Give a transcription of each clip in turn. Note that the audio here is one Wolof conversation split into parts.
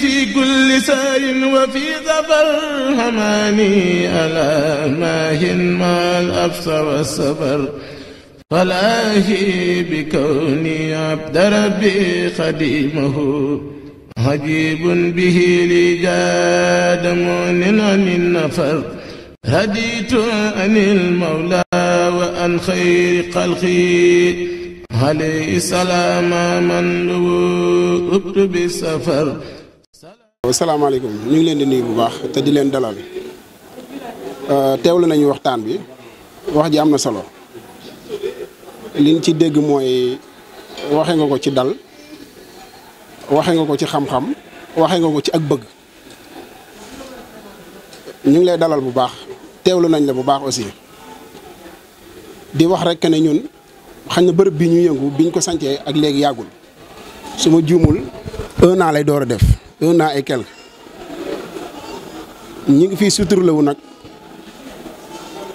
في كل سار وفي ظفر هماني ألا ماهن ما الأبصر والصبر فلاهي بكوني عبد ربي خديمه عجيب به لي جاد مؤن عن النفر هديت عن المولى وعن خير خلقي عليه السلام من لو أكتب السفر salaamaaleykum ñu ngi leen di nuyu bu baax te di leen dalal euh, teewlu nañu waxtaan bi wax ji am na solo liñ ci dégg mooy waxe nga ko ci dal waxe nga ko ci xam-xam waxe nga ko ci ak bëgg ñu ngi lay dalal bu baax teewlu nañ la bu baax aussi di wax rek ne ñun xañ na bërëb bi ñu yëngu biñ ko sancee ak léegi yàggul su ma juumul un an lay door a def un an et quelque ñu ngi fii wu nag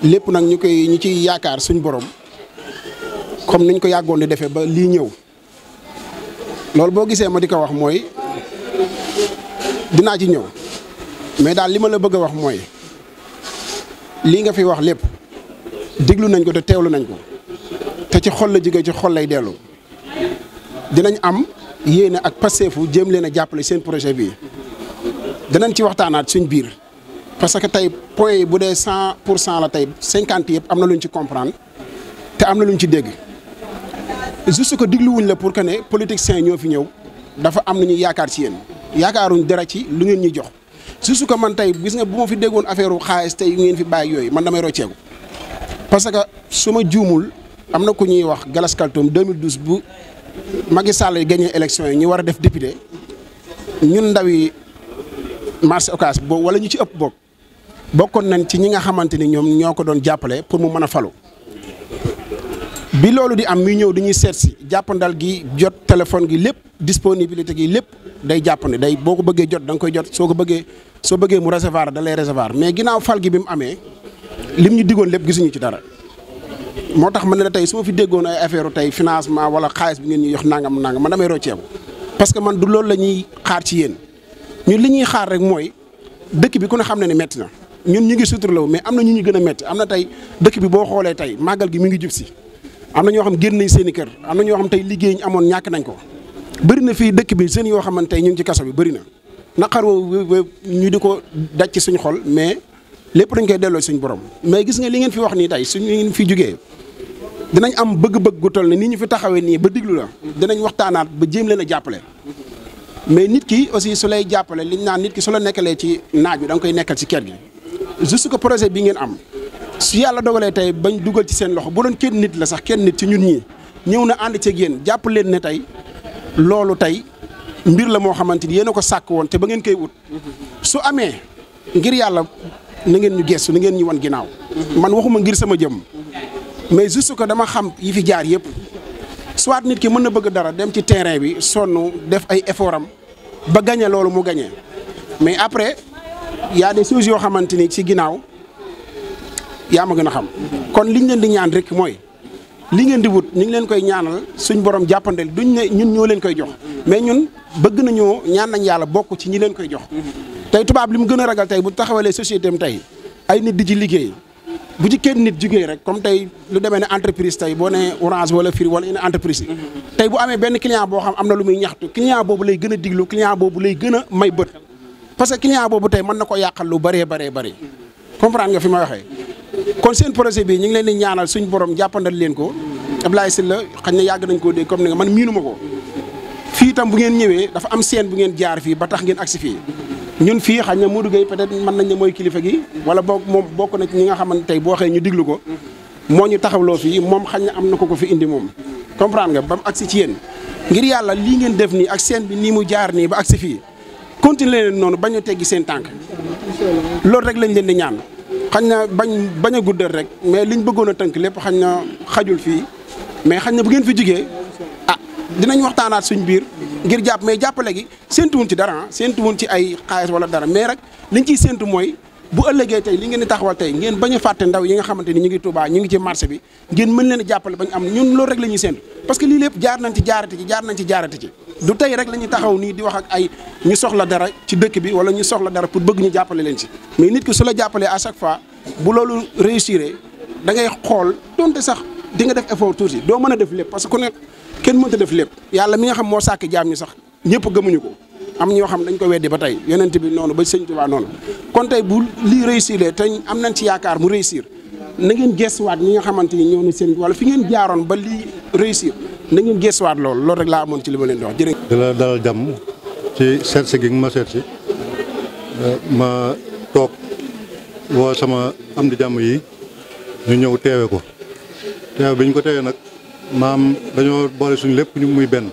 lépp nag ñu koy ñu ciy yaakaar suñ boroom comme niñ ko yàggoon di defee ba lii ñëw loolu boo gisee ma di ko wax mooy dinaa ci ñëw mais daal li ma la bëgg a wax mooy lii nga fi wax lépp diglu nañ ko te teewlu nañ ko te ci xol la jóge ci xol lay dellu dinañ am yéene ak Pastefu jéem leen a jàppale seen projet bii danañ ci waxtaanaat suñ biir parce que tey point yi bu dee cent pour cent la tey cinquante yëpp am na lu ñu ci comprendre te am na lu ñu ci dégg juste ko digluwuñ la pour que ne politiciens ñoo fi ñëw dafa am nañu yaakaar ci yéen yaakaaruñ dara ci lu ngeen ñu jox juste ko man tey gis nga bu ma fi déggoon affaire u xaalis tey yu ngeen fi bàyyi yooyu man damay rocceeku parce que su ma juumul am na ku ñuy wax Galas Kaltoum 2012 bu Macky Sall yi gagné élection yi ñu war a def député ñun ndaw yi marché Ocass boobu wala ñu ci ëpp boobu bokkoon nañ ci ñi nga xamante ni ñoom ñoo ko doon jàppale pour mu mën a falu. bi loolu di am muy ñëw di ñuy seet si jàppandal gi jot téléphone gi lépp disponibilité gi lépp day jàppandi day boo ko bëggee jot da nga koy jot soo ko bëggee soo bëggee mu recevoir da lay mais ginnaaw fal gi bi mu amee lim ñu diggoon lépp gisuñu ci dara. moo tax man ne la tey su ma fi déggoon ay affaire tey financement wala xaalis bi ngeen ñuy yox nangam nangam man damay rocceeku parce que man du loolu la ñuy xaar ci yéen ñun li ñuy xaar rek mooy dëkk bi ku ne xam ne ne metti na ñun ñu ngi suturlaw mais am na ñu ñu gën a metti am na tey dëkk boo xoolee tey gi mi ngi jub si am na ñoo xam génn nañ seen i kër am na ñoo xam tey liggéey ñu amoon ñàkk nañ ko bëri na fii dëkk bi yoo xamante ñu ngi ci kaso bi bëri na naqar ñu di ko daj ci suñu xol mais lépp dañ koy delloo suñu borom mais gis nga li ngeen fi wax nii tey suñu ngeen fi jógee danañ am bëgg-bëgg gu toll nii ñu fi taxawee nii ba diglu la danañ waxtaanaat ba jéem leen a jàppale mais nit ki aussi su lay jàppale liñ naan nit ki su la nekkalee ci naaj bi danga koy nekkal ci kër gi juste ko projet bi ngeen am su yàlla dogalee tey bañ dugal ci seen loxo bu doon kenn nit la sax kenn nit ci ñun ñii ñëw na ànd ceeg yéen jàpp leen ne tey loolu tey mbir la moo xamante ni yéen a ko sàkk woon te ba ngeen koy wut su amee ngir yàlla na ngeen ñu gestu na ngeen ñu wan ginnaaw man waxuma ngir sama jëm mais juste que dama xam yi fi jaar yëpp soit nit ki mën na bëgg dara dem ci terrain bi sonnu def ay effort am ba gagné loolu mu gagné mais après yaa a des choses yoo xamante ni ci ginnaaw yaa ma gën a xam. kon liñ leen di ñaan rek mooy li ngeen di wut ñu ngi leen koy ñaanal suñ borom jàppandel duñ ne ñun ñoo leen koy jox mais ñun bëgg nañoo ñaan nañ yàlla bokk ci ñi leen koy jox. tey tubaab li mu gën a ragal tey bu taxawalee société am tey ay nit di ci liggéey. bu ci nit jugee rek comme tey lu demee ne entreprise tey boo nee orange wala Free wala une entreprise yi tey bu amee benn client boo xam am na lu muy ñaxtu client boobu lay gën a diglu client boobu lay gën may bët parce que client boobu tey mën na ko yàqal lu bëree bëree bëri comprendre nga fi ma waxee kon seen projet bi ñu ngi leen di ñaanal suñ borom jàppandal leen ko Abdoulaye la xañ na yàgg nañ koo dégg comme ni nga man miinu ma ko fii itam bu ngeen ñëwee dafa am seen bu ngeen jaar fii ba tax ngeen agsi fii ñun fii xañ na Modou Gueye peut mën nañ ne mooy kilifa gi wala boog moom bokk na ci ñi nga xamante tey boo xee ñu diglu ko moo ñu taxawloo fii moom xañ na am na ko ko fi indi moom comprendre nga ba mu agsi ci yéen ngir yàlla lii ngeen def nii ak seen bi nii mu jaar nii ba agsi fii continuer leen noonu bañ a teggi seen tànk loolu rek lañ leen di ñaan xañ na bañ bañ a guddal rek mais liñ bëggoon a tënk lépp xañ na xajul fii mais xañ na bu ngeen fi jugee dinañ waxtaanaat suñ biir ngir jàpp mais jàppale gi séentuwuñ ci dara séentuwuñ ci ay xaalis wala dara mais rek liñ ciy séentu mooy bu ëllëgee tey li ngeen di taxawal tey ngeen bañ a fàtte ndaw yi nga xamante ni ñu ngi Touba ñu ngi ci marché bi ngeen mën leen a jàppale bañ am ñun loolu rek la ñuy séentu parce que lii lépp jaar nañ ci jaarati ci jaar nañ ci jaarati ci ñuy taxaw nii di wax ak ay ñu soxla dara ci dëkk bi wala ñu soxla dara pour bëgg ñu jàppale leen ci mais nit ki su la jàppalee à chaque fois bu loolu réussir da ngay xool donte sax di nga def effort tuuti doo mën a def lépp parce kenn mënta def lépp yàlla mi nga xam moo sàkk jaam ñi sax ñëpp gëmuñu ko am ñoo xam dañ ko weddi ba tey yonent bi noonu ba sëñ waa noonu kon tey bu lii réussir te am nañ ci yaakaar mu réussir na ngeen gestuwaat ñi nga xamante ni ñoo seen wala fi ngeen jaaroon ba lii réussir na ngeen gestuwaat loolu loolu rek laa amoon ci li ma leen di wax jërë di la dalal jàmm ci seet si gi ma seet si eh, ma toog woo sama am di jàmm yi ñu ñëw teewe ko teewe bi ñu ko teewee nag maam dañoo boole suñu lépp ñu muy benn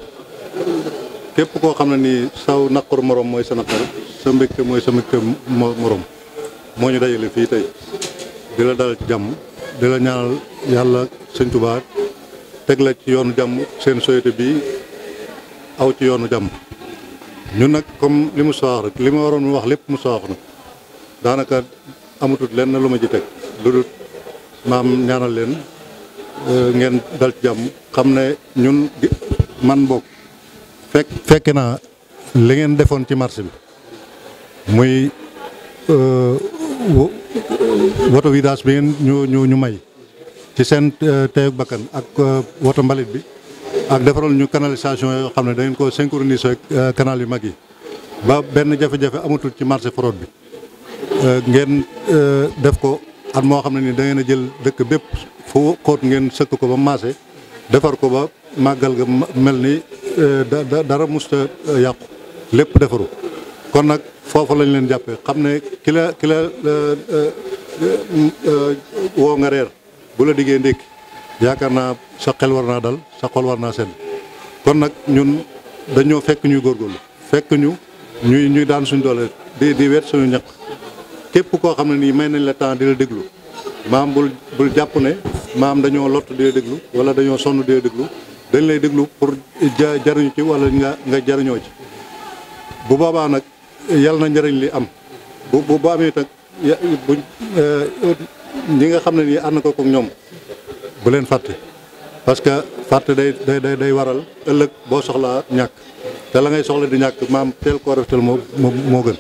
képp koo xam na ni saw naqar moroom mooy sa naqar sa mbégte mooy sa mbégte moroom moo ñu dajale fii tey di la dalal ci jàmm di la ñaanal yàlla sëñ Tuubaa teg la ci yoonu jàmm seen société bi aw ci yoonu jàmm ñun nag comme li mu soox rek li ma waroon mu wax lépp mu soox na daanaka amatut lenn lu ma ji teg lu dul maam ñaanal leen Euh, ngeen dal ci jàmm xam ne ñun man bokk fekk naa li ngeen defoon ci marché bi muy euh, woto vidange bi ngeen ñu ñu ñu may ci seen euh, teyu bakkan ak woto mbalit bi ak defaral ñu canalisation yoo xam ne da ngeen ko synchroniser ak yu mag yi ba benn jafe-jafe amatul ci marché forot bi ngeen def ko at moo xam ne ni da ngeen a jël dëkk bépp fu xóot ngeen sëkk ko ba maase defar ko ba màggal ga mel ni e, da dara musta e, yàqu lépp defaru kon nag foofu lañ leen jàppee xam ne ki la ki la e, woo nga reer bu la diggee ndékki yaakaar naa sa xel war naa dal sa xol war naa seen kon nag ñun dañoo fekk ñuy góorgóorlu fekk ñu ñuy ñuy daan suñu doole di di wet suñu ñaq képp koo xam ne nii may nañ la temps di la déglu maam bul jàpp ne maam dañoo lott dee déglu wala dañoo sonn dee déglu dañ lay déglu pour ja jariñu ci walla nga nga jariñoo ci bu boobaa nag yal na njëriñ li am bu bu bu amee nag euh, ñi nga xam ne nii ànd ko ak ñoom bu leen fàtte parce que fàtte day day day waral ëllëg boo soxlaa ñàkk te la ngay soxla di ñàkk maam teel koo ref tel moo moo gën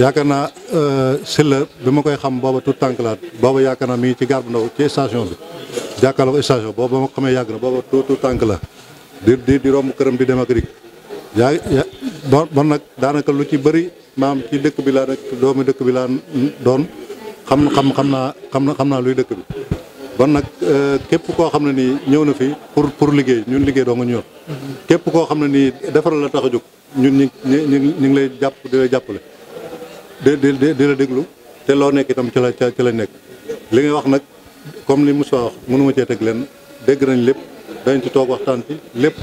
yaakaar naa euh, Sylla bi ma koy xam booba tout tànk laa booba yaakaar naa mi ngi ci gare ndaw ci station bi jàkkaarloo station booba ma xamee yàgg na booba tout tànk la di di romb këram di dem ak rik yaa ya bon nag daanaka lu ci bëri maam ci dëkk bi laa nag doomi dëkk bi laa doon xam xam xam naa xam na xam naa luy dëkk bi bon nag euh, képp koo xam ne nii ñëw na fi pour pour liggéey ñun liggéey doo nga ñëw képp koo xam ne nii defaral la tax a jóg ñun ñu ñu ñu ngi lay jàpp di lay jàppale di di di la déglu te loo nekk itam ci la la nekk li ngay wax nag comme li Moussa wax mënuma cee teg leen dégg nañ lépp danañ ci toog waxtaan ci lépp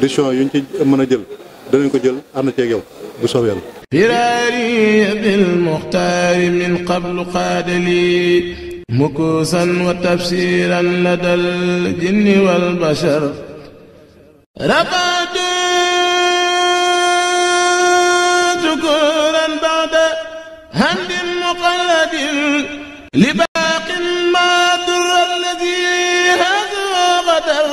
décision yuñ ci mën a jël danañ ko jël ànd ceeg yow bu soobee yàlla. firaari bil muxtaari min qablu qaadali mukuusan wa tafsiran ladal jinni wal bashar li baaqin maa dur alladi hada badar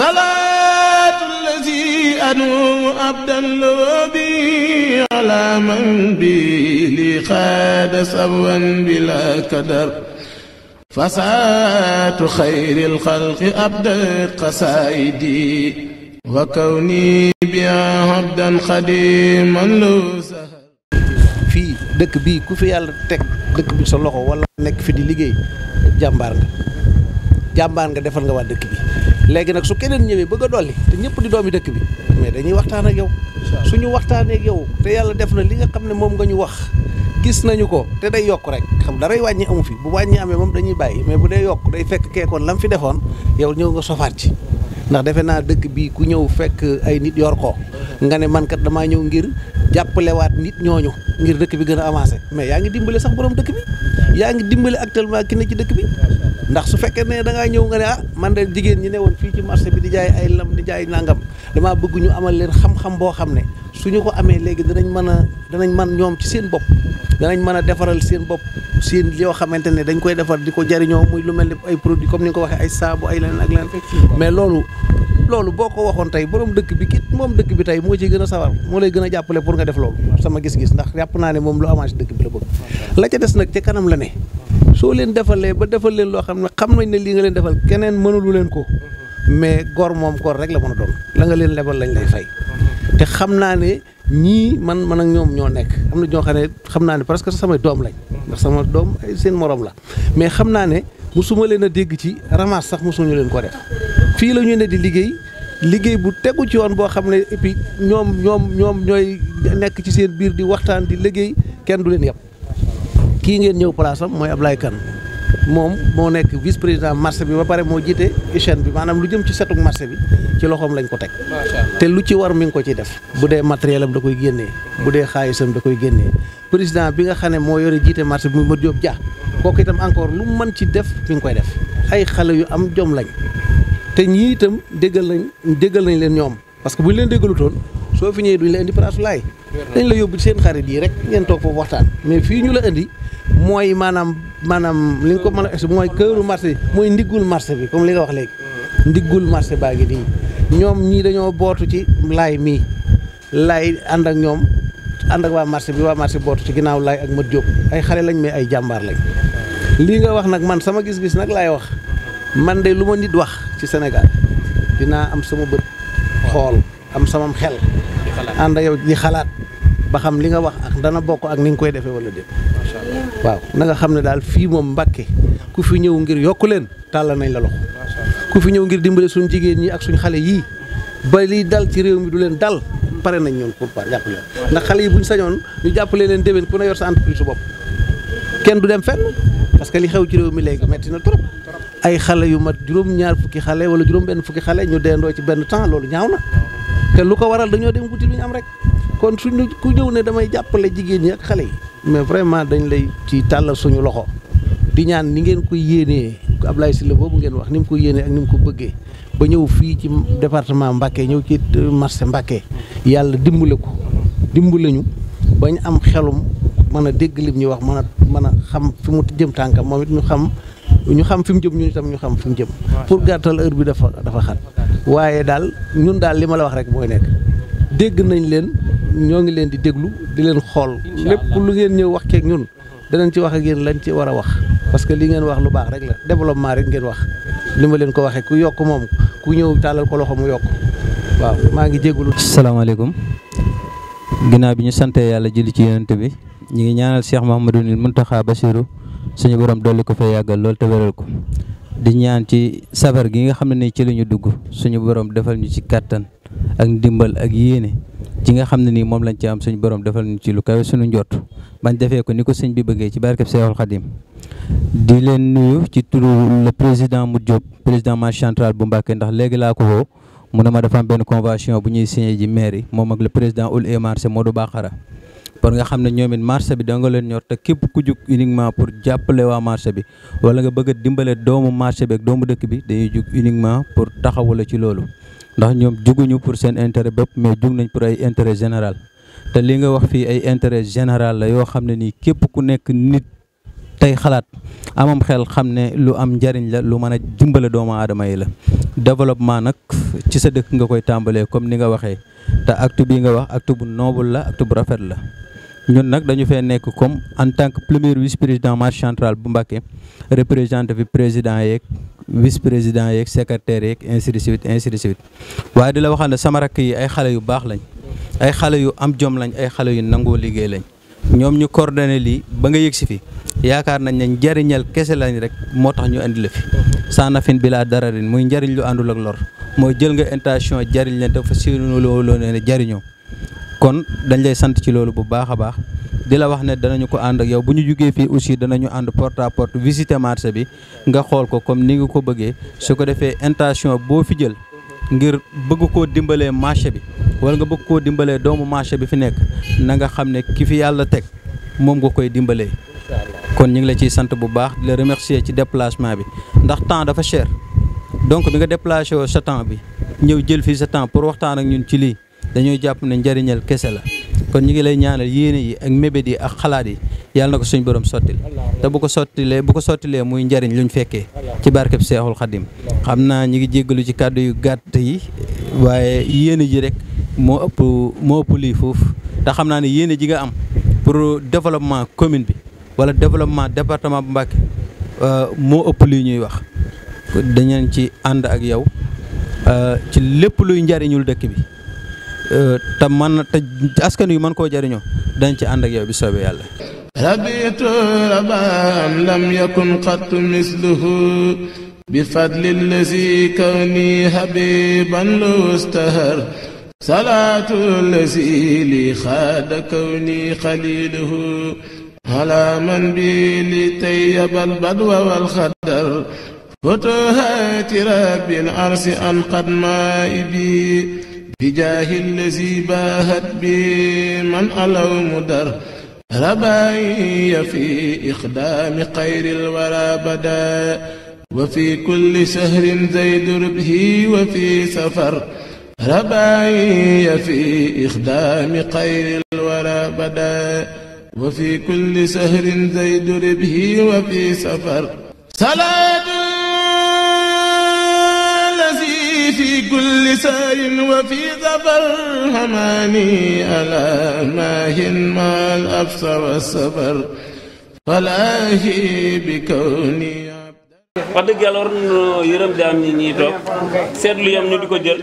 salaatu alladi anumu abdan loo bi ala man bi li xaada sabwan bila kadar fasaatu xayri lxalqi abda qasaayidi wa kawni bi abdan xadiman loo dëkk bi ku fi yàlla teg dëkk bi sa loxo wala nekk fi di liggéey jàmbaar nga jàmbaar nga defal nga waa dëkk bi léegi nag su keneen ñëwee bëgg a dolli te ñëpp di doomi dëkk bi mais dañuy waxtaan ak yow suñu waxtaanee ak yow te yàlla def na li nga xam ne moom nga ñu wax gis nañu ko te day yokk rek xam daray wàññi amu fi bu wàññi amee moom dañuy bàyyi mais bu dee yokk day fekk keekoon lam fi defoon yow ñëw nga sofaat ci ndax defe naa dëkk bi ku ñëw fekk ay nit yor ko nga ne man kat damaa ñëw ngir jàppalewaat nit ñooñu ngir dëkk bi gën a avancer mais yaa ngi dimbale sax borom dëkk bi yaa ngi dimbale actuellement ki ne ci dëkk bi ndax su fekkee ne da ñëw nga ne ah man de jigéen ñi ne woon fii ci marché bi di jaay ay lam di jaay nangam damaa bëgguñu amal leen xam-xam boo xam ne su ñu ko amee léegi danañ mën a danañ mën ñoom ci seen bopp danañ mën a defaral seen bopp seen yoo xamante ne dañ koy defar di ko jariñoo muy lu mel ni ay produit comme ni nga ko waxee ay saabu ay leneen ak leneen mais loolu loolu boo ko waxoon tey borom dëkk bi kit moom dëkk bi tey moo ciy gën a sawar moo lay gën a jàppale pour nga def loolu sama gis-gis ndax yàpp naa ne moom lu amaat dëkk bi la bëgg la ca des nag ca kanam la ne soo leen defalee ba defal leen loo xam ne xam nañ ne lii nga leen defal keneen mënulu leen ko mais gor moom gor rek la mën a doon la nga leen lebal lañ lay fay te xam naa ne ñii man man ak ñoom ñoo nekk am na ñoo xam ne xam naa ne parce que samay doom lañ ndax sama doom ay seen moroom la mais xam naa ne mosuma leen a dégg ci ramasse sax mosuñu leen ko def fii la ñu ne di liggéey liggéey bu tegu ci yoon boo xam ne et ñoom ñoom ñoom ñooy nekk ci seen biir di waxtaan di liggéey kenn du leen yàpp kii ngeen ñëw place am mooy Ablaye Kane moom moo nekk vice président marché bi ba pare moo jiite chaîne bi maanaam lu jëm ci setuk marché bi ci loxoom lañ ko teg te lu ci war mi ngi ko ciy def bu dee matériel am da koy génnee bu dee xaalisam da koy génnee président bi nga xam ne moo yore jiite marché bi muy Modou Diop Dia kooku itam encore lu mën ci def mi ngi koy def ay xale yu am jom lañ te ñii itam déggal nañ déggal nañ leen ñoom parce que bu ñu leen déggalutoon soo fi ñëwee duñ la indi place laay dañ la yóbbu seen xarit yi rek ngeen toog waxtaan mais fii ñu la indi mooy maanaam maanaam li nga ko mën a mooy këru marché bi mooy ndiggul marché bi comme li nga wax léegi mm-hmm. ndiggul marché baa ngi nii ñoom ñii dañoo bootu ci laay mii lay ànd ak ñoom ànd ak waa marché bi waa marché bootu ci ginnaaw laay ak mat jóg ay xale lañ mais ay jàmbaar lañ mm-hmm. lii nga wax nag man sama gis-gis nag laay wax man de lu ma nit wax ci senegal dinaa am sama bët xool am sama xel ànd ak yow di xalaat ba xam li nga wax ak dana bokk ak ni nga koy defee wala de waaw na nga xam ne daal fii moom Mbàkke ku fi ñëw ngir yokk leen tàllal nañ la loxo ku fi ñëw ngir dimbale suñ jigéen ñi ak suñ xale yii ba liy dal ci réew mi du leen dal pare nañ ñoon pour par ndax xale yi buñ sañoon ñu jàppale leen déwén ku ne yor sa entreprise su bopp kenn du dem fenn parce que li xew ci réew mi léegi metti na trop ay xale yu mat juróom-ñaar fukki xale wala juróom-benn fukki xale ñu deendoo ci benn temps loolu ñaaw na te lu ko waral dañoo dem wuti lu ñu am rek kon suñu ku ñëw ne damay jàppale jigéen ñi xale yi mais vraiment dañ lay ci tàllal suñu loxo di ñaan ni ngeen ko yéenee ab Ablaye Sylla boobu ngeen wax ni mu ko yéenee ak ni mu ko bëggee ba ñëw fii ci département Mbacké ñëw ci marché Mbacké yàlla dimbale ko dimbale ñu bañ am xelum mën a dégg lim ñu wax mën a mën a xam fu mu jëm tànkam moom it ñu xam ñu xam fi mu jëm ñun itam ñu xam fi mu jëm pour gàttal heure bi dafa dafa xat waaye daal ñun daal li ma la wax rek mooy nekk dégg nañ leen ñoo ngi leen di déglu di leen xool lépp lu ngeen ñëw wax keeg ñun mhm. danañ ci wax a yéen lañ ci war a wax parce que li ngeen wax lu baax rek la développement rek ngeen wax li ma leen ko waxee ku yokk moom ku ñëw tàllal ko loxo mu yokk waaw maa ngi jégalu. salaamaaleykum ginnaaw bi ñu sante yàlla julli ci yonent bi ñu ngi ñaanal Cheikh Mouhamadou Mountakha Bassirou suñu borom dolli ko fa yàggal loolu te wéral ko di ñaan ci safar gi nga xam ne ci la dugg suñu borom defal ñu ci kàttan ak ndimbal ak yéene ji nga xam ne nii moom lañ ci am suñu borom defal ñu ci lu kawe suñu njott bañ defee ko ni ko sëñ bi bëggee ci barkeb Seexul Xadim di leen nuyu ci turu le président mu Diop président marché central bu Mbàkke ndax léegi laa ko woo mu ne ma dafa am benn convention bu ñuy signé ji mairie moom ak le président ul et marché Modou Bakara pour nga xam ne ñoom it marché bi danga leen ñor te képp ku jug uniquement pour jàppale waa marché bi wala nga bëgg a dimbale doomu marché bi doomu dëkk bi dañuy jug uniquement pour taxawula ci loolu ndax ñoom juguñu pour seen intérêt bépp mais jug nañ pour ay intérêt général te li nga wax fii ay intérêt général la yoo xam ne nii képp ku nekk nit tey xalaat amam xel xam ne lu am njariñ la lu mën a dimbale doomu aadama yi la développement nag ci sa dëkk nga koy tàmbalee comme ni nga waxee te acte bii nga wax acte bu noble la acte bu rafet la ñun nag dañu fee nekk comme en tant que premier vice président marché central bu Mbacké représenté fi président yeeg vice président yeeg secrétaire yeeg ainsi de suite waaye di la waxal ne sama rakk yi ay xale yu baax lañ ay xale yu am jom lañ ay xale yu nangoo liggéey lañ ñoom ñu coordonné lii ba nga yëg si fi yaakaar nañ ne njëriñal kese lañ rek moo tax ñu indi la fi saanafin bi dara dararin muy njëriñ lu àndul ak lor mooy jël nga intention jariñ leen te fa siwloloo loo ne jëriñoo kon dañ lay sant ci loolu bu baax a baax di la wax ne danañu ko ànd ak yow bu ñu jugee fii aussi danañu ànd porte à porte visiter marché bi nga xool ko comme ni nga ko bëggee su ko defee intention boo fi jël ngir bëgg koo dimbalee marché bi wala nga bëgg koo dimbalee doomu marché bi fi nekk na nga xam ne ki fi yàlla teg moom nga koy dimbalee. kon ñu ngi la ciy sant bu baax di la remercier ci déplacement bi ndax temps dafa cher donc bi nga déplacé woo sa bi ñëw jël fii sa temps pour ak ñun ci lii. dañoo jàpp ne njariñal kese la kon ñu ngi lay ñaanal yéene yi ak mébét yi ak xalaat yi yàlla na ko suñ borom sottil te bu ko sottilee bu ko sottilee muy njëriñ luñ fekkee ci barkeb Seexul Xadim xam naa ñu ngi jéggalu ci kàddu yu gàtt yi waaye yéene ji rek moo ëpp moo ëpp lii foofu te xam naa ne yéene ji nga am pour développement commune bi wala développement département bu Mbàkke euh, moo ëpp lii ñuy wax dañeen ci ànd ak yow euh, ci lépp luy njariñul dëkk bi Euh, te man te askan wi mën koo jariñoo dañ ci ànd ak yow bi soobee yàlla rabitu rabaan lam yakun qat misluhu bi fadli lazi kawni habiban lustahar salaatu lazi li xaada kawni xaliluhu ala man bi li tayyabal badwa wal xadar futuhaati rabbil arsi an qad maa ibi bijaahi allazi baahat bi man alaw mu dar rabaayi fi ixdaami xayril wara badaa wa fi kulli shahrin zaydu rubhi wa fi safar rabaayi fi ixdaami xayril wara badaa wa fi kulli shahrin zaydu rubhi wa fi safar salaat في كل سار وفي ظفر حماني ألا ماهن ما الأبص والصبر فلاهي بكوني wax dëgg yàlla war nañu yërëm jaam ñi ñuy toog seetlu yam ñu di ko jël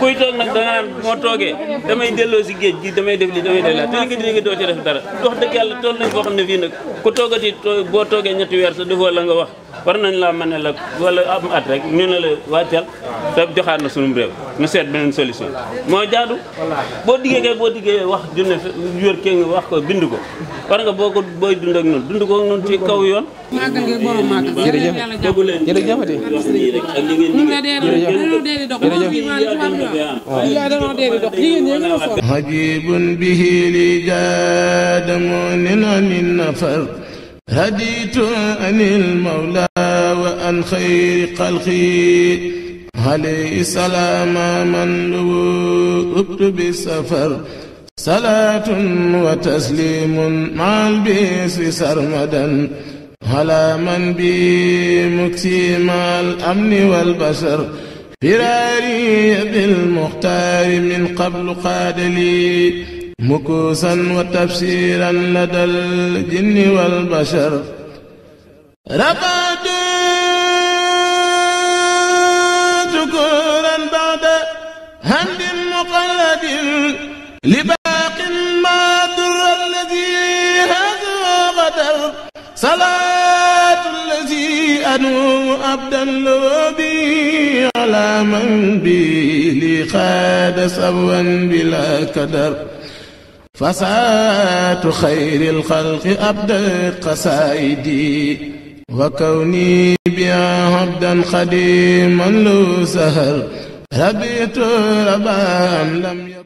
kuy toog nag danaan moo toogee damay delloo si géej gi damay def li damay def la te liggéey liggéey doo ci def dara wax dëgg yàlla tool nañ foo xam ne fii nag ku toogati boo toogee ñetti weer sa defoo la nga wax war nañ laa mën ne la wala am at rek ñu ne la wàccal te joxaat na sunum réew nu seet beneen solution moo jaadu boo diggee kay boo diggee wax junne yor kee nga wax ko bind ko war nga boo ko booy dund ak noonu dund ko ak noonu ci kaw yoon. màggal gi borom màggal. jërëjëf jërëjëf ati. ñu ngi lay delloo salaatu wa tasliim maal biis sarmadan alaa man bi muksimaal amni wal bashar firaari bil muxtaari min qablu qaadali mukuusan wa tafsiiran ladal jinni wal bashar rabaatu kuran baada hamdin muqalladin صلاة الذي أنوم عبدا لوبي على من بي لي خاد سبوا بلا كدر فساة خير الخلق أبدت قصائدي وكوني بها عبدا خديما لو سهر ربيت ربا لم